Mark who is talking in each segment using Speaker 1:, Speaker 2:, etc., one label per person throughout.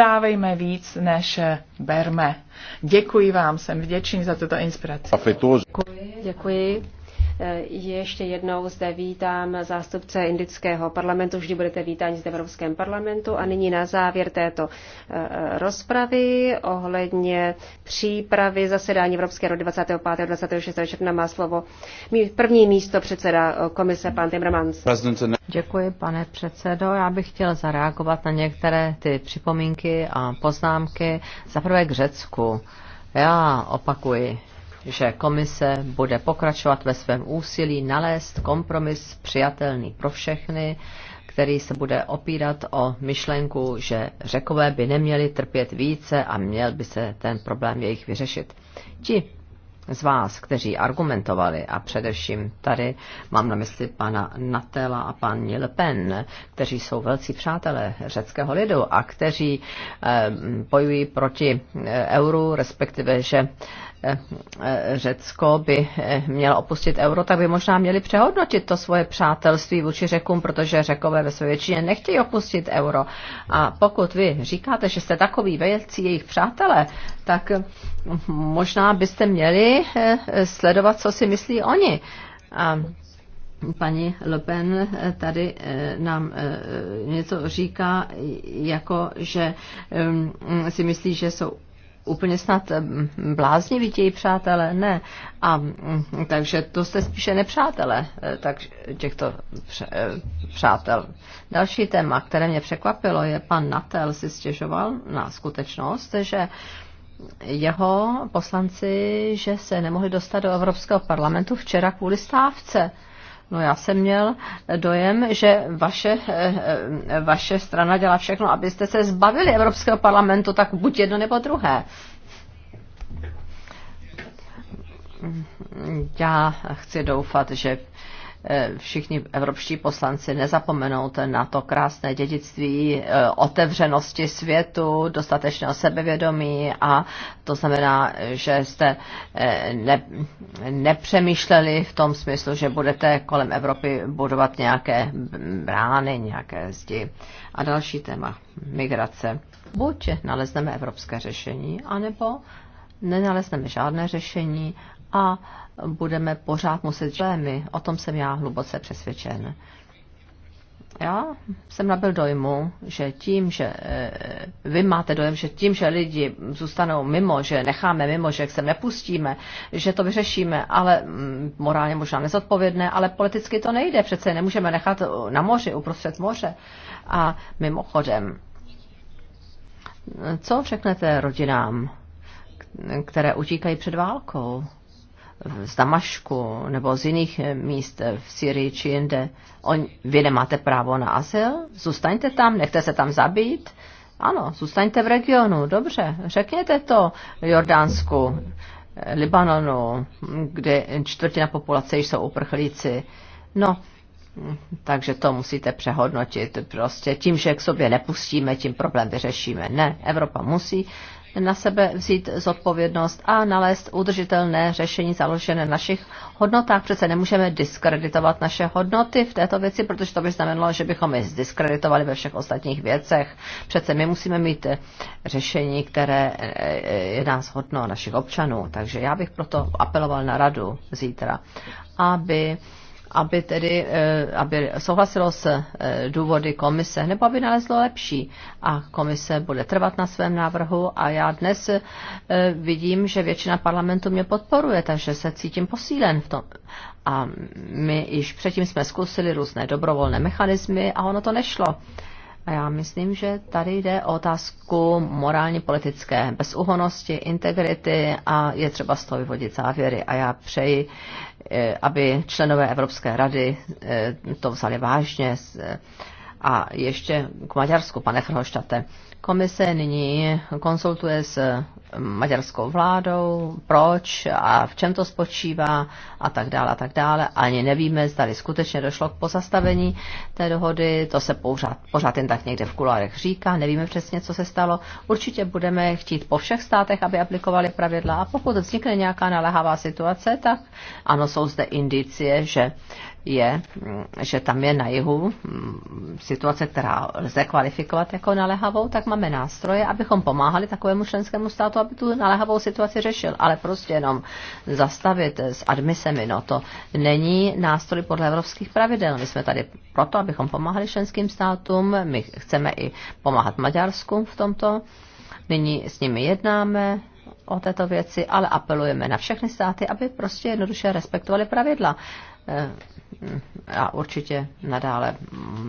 Speaker 1: Dávejme víc, než berme. Děkuji
Speaker 2: vám, jsem vděčný za
Speaker 1: tuto inspiraci. Děkuji. Děkuji. Eh, ještě jednou zde vítám zástupce indického parlamentu. Vždy budete vítáni zde v Evropském parlamentu. A nyní na závěr této eh, rozpravy ohledně přípravy zasedání Evropské rady 25. a 26. června má slovo první místo předseda eh, komise pan Timmermans.
Speaker 3: Děkuji, pane předsedo. Já bych chtěl zareagovat na některé ty připomínky a poznámky. Za prvé k Řecku. Já opakuji, že komise bude pokračovat ve svém úsilí nalézt kompromis přijatelný pro všechny, který se bude opírat o myšlenku, že řekové by neměli trpět více a měl by se ten problém jejich vyřešit. Ti, z vás, kteří argumentovali, a především tady mám na mysli pana Natela a paní Le Pen, kteří jsou velcí přátelé řeckého lidu a kteří eh, bojují proti eh, euru, respektive, že eh, Řecko by mělo opustit euro, tak by možná měli přehodnotit to svoje přátelství vůči Řekům, protože Řekové ve své většině nechtějí opustit euro. A pokud vy říkáte, že jste takový velcí jejich přátelé, tak možná byste měli Eh, sledovat, co si myslí oni. A paní Le Pen eh, tady eh, nám něco říká, jako že mm, si myslí, že jsou úplně snad blázni vidějí přátelé, ne. A mm, takže to jste spíše nepřátelé, tak těchto přátel. Další téma, které mě překvapilo, je pan Natel si stěžoval na skutečnost, že jeho poslanci, že se nemohli dostat do Evropského parlamentu včera kvůli stávce. No já jsem měl dojem, že vaše, eh, vaše strana dělá všechno, abyste se zbavili Evropského parlamentu, tak buď jedno nebo druhé. Já chci doufat, že E, všichni evropští poslanci nezapomenout na to krásné dědictví e, otevřenosti světu, dostatečného sebevědomí a to znamená, že jste e, ne, nepřemýšleli v tom smyslu, že budete kolem Evropy budovat nějaké brány, nějaké zdi. A další téma, migrace. Buď nalezneme evropské řešení, anebo nenalezneme žádné řešení a budeme pořád muset žlémy. O tom jsem já hluboce přesvědčen. Já jsem nabil dojmu, že tím, že eh, vy máte dojem, že tím, že lidi zůstanou mimo, že necháme mimo, že se nepustíme, že to vyřešíme, ale mm, morálně možná nezodpovědné, ale politicky to nejde, přece nemůžeme nechat na moři, uprostřed moře. A mimochodem, co řeknete rodinám, které utíkají před válkou? z Damašku nebo z jiných eh, míst eh, v Syrii či jinde, on, vy nemáte právo na azyl, zůstaňte tam, nechte se tam zabít. Ano, zůstaňte v regionu, dobře, řekněte to Jordánsku, eh, Libanonu, kde čtvrtina populace jsou uprchlíci. No, mm, takže to musíte přehodnotit. Prostě tím, že k sobě nepustíme, tím problém vyřešíme. Ne, Evropa musí na sebe vzít zodpovědnost a nalézt udržitelné řešení založené na našich hodnotách. Přece nemůžeme diskreditovat naše hodnoty v této věci, protože to by znamenalo, že bychom je zdiskreditovali ve všech ostatních věcech. Přece my musíme mít řešení, které eh, eh, je nás hodno našich občanů. Takže já bych proto apeloval na radu zítra, aby aby tedy eh, aby souhlasilo s eh, důvody komise, nebo aby nalezlo lepší. A komise bude trvat na svém návrhu a já dnes eh, vidím, že většina parlamentu mě podporuje, takže se cítím posílen v tom. A my již předtím jsme zkusili různé dobrovolné mechanismy a ono to nešlo. A já myslím, že tady jde o otázku morálně politické bezúhonosti, integrity a je třeba z toho vyvodit závěry. A já přeji Eh, aby členové Evropské rady eh, to vzali vážně. Eh, a ještě k Maďarsku, pane Frhoštate. Komise nyní konsultuje s maďarskou vládou, proč a v čem to spočívá a tak dále a tak dále. Ani nevíme, zda skutečně došlo k pozastavení té dohody, to se pořád, pořád jen tak někde v kulárech říká, nevíme přesně, co se stalo. Určitě budeme chtít po všech státech, aby aplikovali pravidla a pokud vznikne nějaká naléhavá situace, tak ano, jsou zde indicie, že je, že tam je na jihu mm, situace, která lze kvalifikovat jako naléhavou, tak máme nástroje, abychom pomáhali takovému členskému státu aby tu naléhavou situaci řešil, ale prostě jenom zastavit s admisemi, no to není nástroj podle evropských pravidel. My jsme tady proto, abychom pomáhali členským státům, my chceme i pomáhat Maďarsku v tomto. Nyní s nimi jednáme, o této věci, ale apelujeme na všechny státy, aby prostě jednoduše respektovali pravidla. Eh, a určitě nadále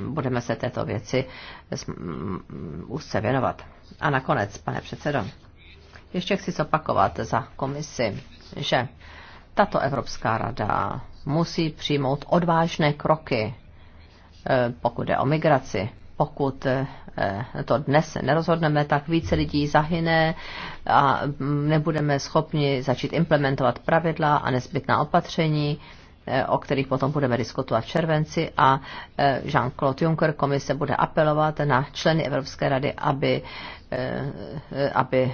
Speaker 3: budeme se této věci úzce věnovat. A nakonec, pane předsedo, ještě chci zopakovat za komisi, že tato Evropská rada musí přijmout odvážné kroky, eh, pokud je o migraci. Pokud eh, to dnes nerozhodneme, tak více lidí zahyne a mm, nebudeme schopni začít implementovat pravidla a nezbytná opatření Eh, o kterých potom budeme diskutovat v červenci a eh, Jean-Claude Juncker komise bude apelovat na členy Evropské rady, aby, eh, aby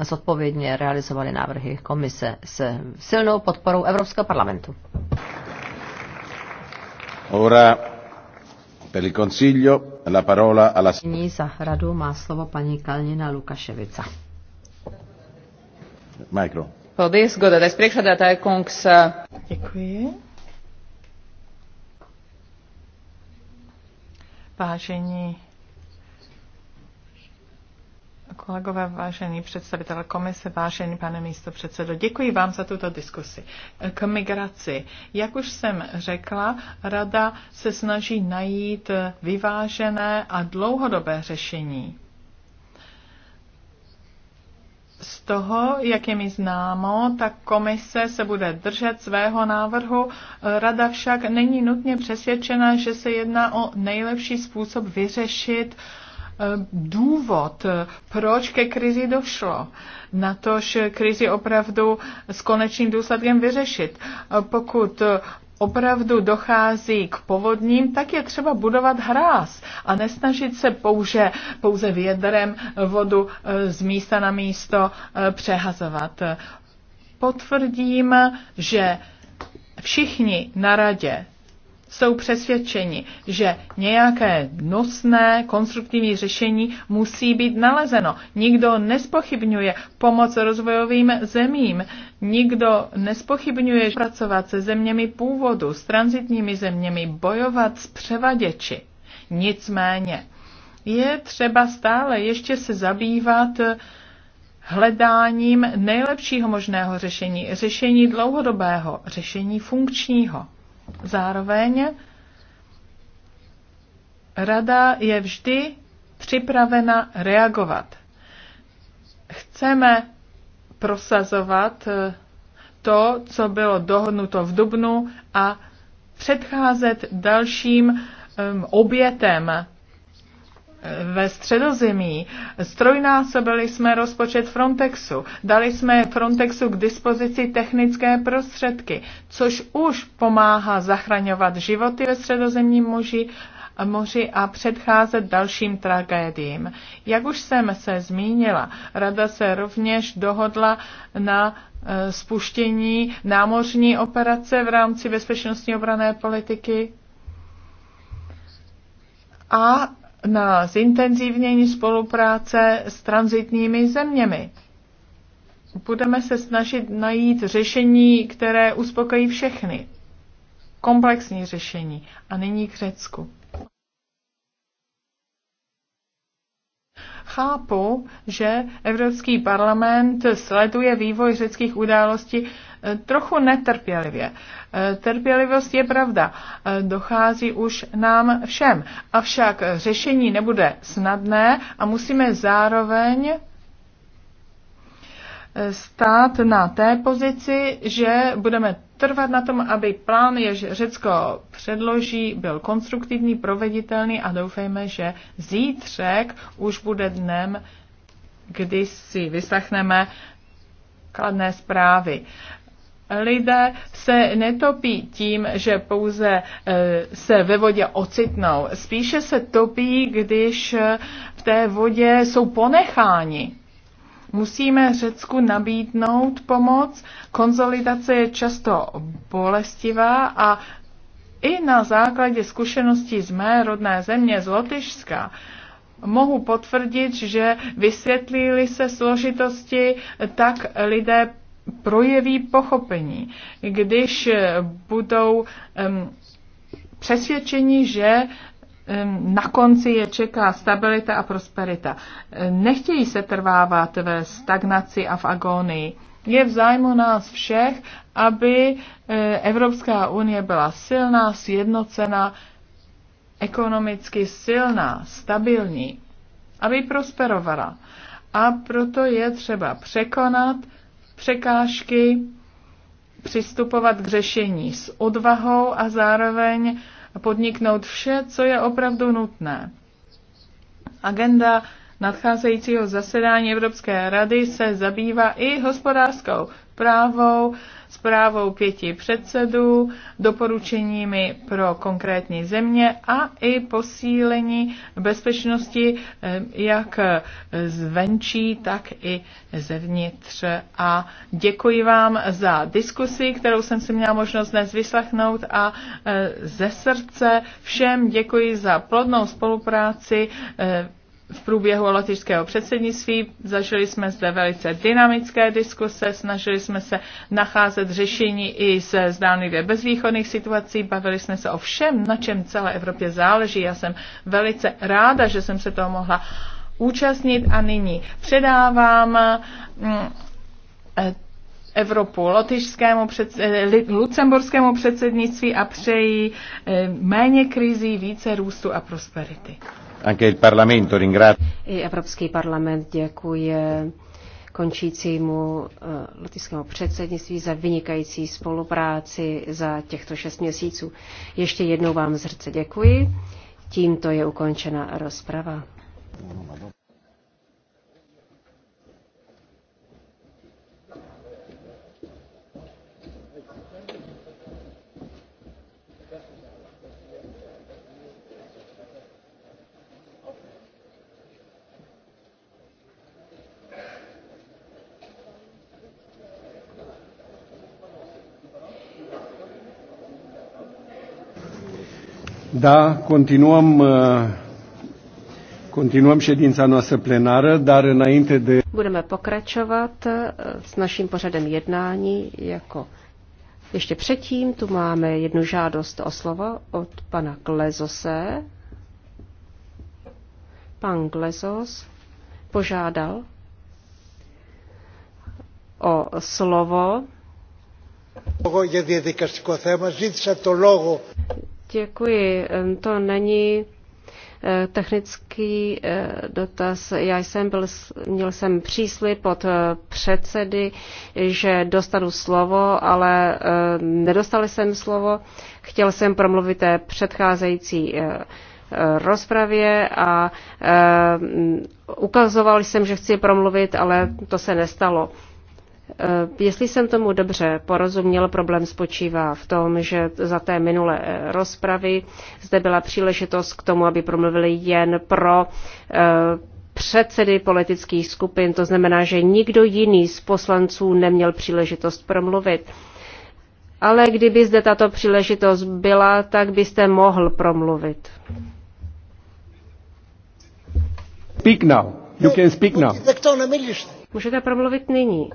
Speaker 3: zodpovědně realizovali návrhy komise s silnou podporou Evropského parlamentu.
Speaker 2: Ora per il Consiglio la parola alla...
Speaker 3: Nyní za radu má slovo paní Kalnina Lukaševica.
Speaker 2: Mikro. Paldies, godātais priekšādātāja kungs. Děkuji. Vážení kolegové, vážený představitel komise, vážený pane místo předsedo, děkuji vám za tuto diskusi. K migraci. Jak už jsem řekla, rada se snaží najít vyvážené a dlouhodobé řešení z toho, jak je mi známo, tak komise se bude držet svého návrhu. Rada však není nutně přesvědčena, že se jedná o nejlepší způsob vyřešit eh, důvod, proč ke krizi došlo. Na tož krizi opravdu s konečným důsledkem vyřešit. Eh, pokud opravdu dochází k povodním, tak je třeba budovat hráz a nesnažit se pouze, pouze vědrem vodu eh, z místa na místo eh, přehazovat. Potvrdím, že všichni na radě jsou přesvědčeni, že nějaké nosné konstruktivní řešení musí být nalezeno. Nikdo nespochybňuje pomoc rozvojovým zemím, nikdo nespochybňuje pracovat se zeměmi původu, s transitními zeměmi, bojovat s převaděči. Nicméně je třeba stále ještě se zabývat hledáním nejlepšího možného řešení, řešení dlouhodobého, řešení funkčního. Zároveň rada je vždy připravena reagovat. Chceme prosazovat eh, to, co bylo dohodnuto v Dubnu a předcházet dalším obětem ve středozemí strojnásobili jsme rozpočet Frontexu, dali jsme Frontexu k dispozici technické prostředky, což už pomáhá zachraňovat životy ve středozemním moři, moři a předcházet dalším tragédiím. Jak už jsem se zmínila, Rada se rovněž dohodla na e, spuštění námořní operace v rámci bezpečnostní obrané politiky a na zintenzivnění spolupráce s transitními zeměmi. Budeme se snažit najít řešení, které uspokojí všechny. Komplexní řešení. A nyní k Řecku. Chápu, že Evropský parlament sleduje vývoj řeckých událostí eh, trochu netrpělivě. Eh, trpělivost je pravda, eh, dochází už nám všem. Avšak řešení nebude snadné a musíme zároveň stát na té pozici, že budeme trvat na tom, aby plán, jež Řecko předloží, byl konstruktivní, proveditelný a doufejme, že zítřek už bude dnem, kdy si vyslechneme kladné zprávy lidé se netopí tím, že pouze e, se ve vodě ocitnou. Spíše se topí, když v té vodě jsou ponecháni. Musíme Řecku nabídnout pomoc. Konzolidace je často bolestivá a i na základě zkušeností z mé rodné země, z Lotyšska, mohu potvrdit, že vysvětlili se složitosti, tak lidé projeví pochopení, když budou um, přesvědčeni, že na konci je čeká stabilita a prosperita. Nechtějí se trvávat ve stagnaci a v agónii. Je v zájmu nás všech, aby e, Evropská unie byla silná, sjednocená, ekonomicky silná, stabilní, aby prosperovala. A proto je třeba překonat překážky, přistupovat k řešení s odvahou a zároveň podniknout vše, co je opravdu nutné. Agenda nadcházejícího zasedání Evropské rady se zabývá i hospodářskou právou, zprávou pěti předsedů, doporučeními pro konkrétní země a i posílení bezpečnosti eh, jak zvenčí, tak i zevnitř. A děkuji vám za diskusi, kterou jsem si měla možnost dnes vyslechnout a eh, ze srdce všem děkuji za plodnou spolupráci eh, v průběhu lotyšského předsednictví. Zažili jsme zde velice dynamické diskuse, snažili jsme se nacházet řešení i ze zdánlivě bezvýchodných situací, bavili jsme se o všem, na čem celé Evropě záleží. Já jsem velice ráda, že jsem se toho mohla účastnit a nyní předávám mm, eh, Evropu lotyšskému před, eh, lucemburskému předsednictví a přeji eh, méně krizí, více růstu a prosperity. Evropský parlament
Speaker 1: děkuje končícímu eh, latinskému předsednictví za vynikající spolupráci za těchto šest měsíců. Ještě jednou vám z děkuji. Tímto je ukončena rozprava. Da, continuăm, uh, continuăm ședința noastră plenară, dar înainte de... Budeme pokračovat uh, s naším pořadem jednání jako ještě předtím tu máme jednu žádost o slovo od pana Glezose. Pan Glezos požádal o slovo Děkuji. To není eh, technický eh, dotaz. Já jsem byl, měl jsem příslip od eh, předsedy, že dostanu slovo, ale nedostal jsem slovo. Chtěl jsem promluvit té předcházející rozpravě a ukazoval jsem, že chci promluvit, ale to se nestalo. Eh, jestli jsem tomu dobře porozuměl, problém spočívá v tom, že za té minulé eh, rozpravy zde byla příležitost k tomu, aby promluvili jen pro eh, předsedy politických skupin, to znamená, že nikdo jiný z poslanců neměl příležitost promluvit. Ale kdyby zde tato příležitost byla, tak byste mohl promluvit. Speak now. You can speak now. Můžete promluvit nyní.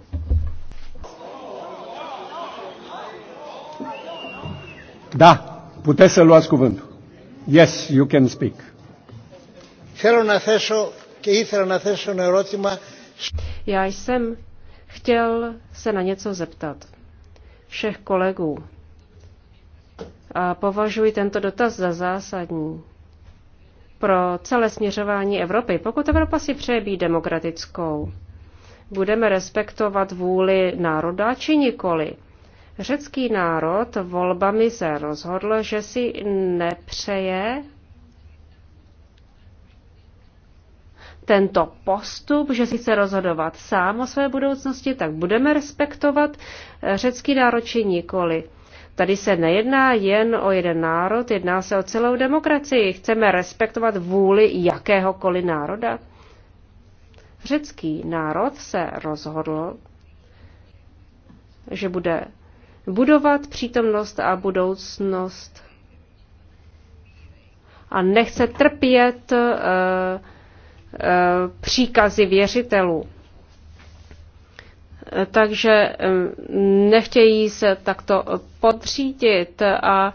Speaker 1: Da, puteți să luați cuvântul. Yes, you can speak. Já jsem chtěl se na něco zeptat všech kolegů a považuji tento dotaz za zásadní pro celé směřování Evropy. Pokud Evropa si přeje být demokratickou, budeme respektovat vůli národa či nikoli. Řecký národ volbami se rozhodl, že si nepřeje tento postup, že si chce rozhodovat sám o své budoucnosti, tak budeme respektovat řecký národ či nikoli. Tady se nejedná jen o jeden národ, jedná se o celou demokracii. Chceme respektovat vůli jakéhokoliv národa. Řecký národ se rozhodl, že bude budovat přítomnost a budoucnost a nechce trpět uh, uh, příkazy věřitelů. Takže eh, nechtějí se takto podřídit a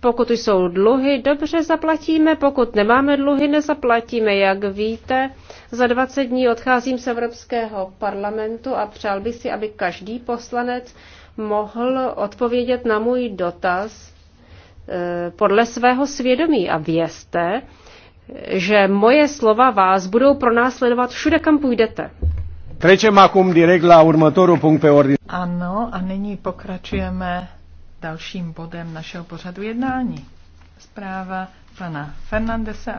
Speaker 1: pokud jsou dluhy, dobře zaplatíme, pokud nemáme dluhy, nezaplatíme. Jak víte, za 20 dní odcházím z Evropského parlamentu a přál bych si, aby každý poslanec mohl odpovědět na můj dotaz e, podle svého svědomí. A vězte, že moje slova vás budou pronásledovat všude,
Speaker 2: kam půjdete.
Speaker 1: Trečem akum direct la următorul punct pe ordine.
Speaker 2: Ano, a nyní pokračujeme dalším bodem našeho pořadu jednání. Zpráva pana Fernandese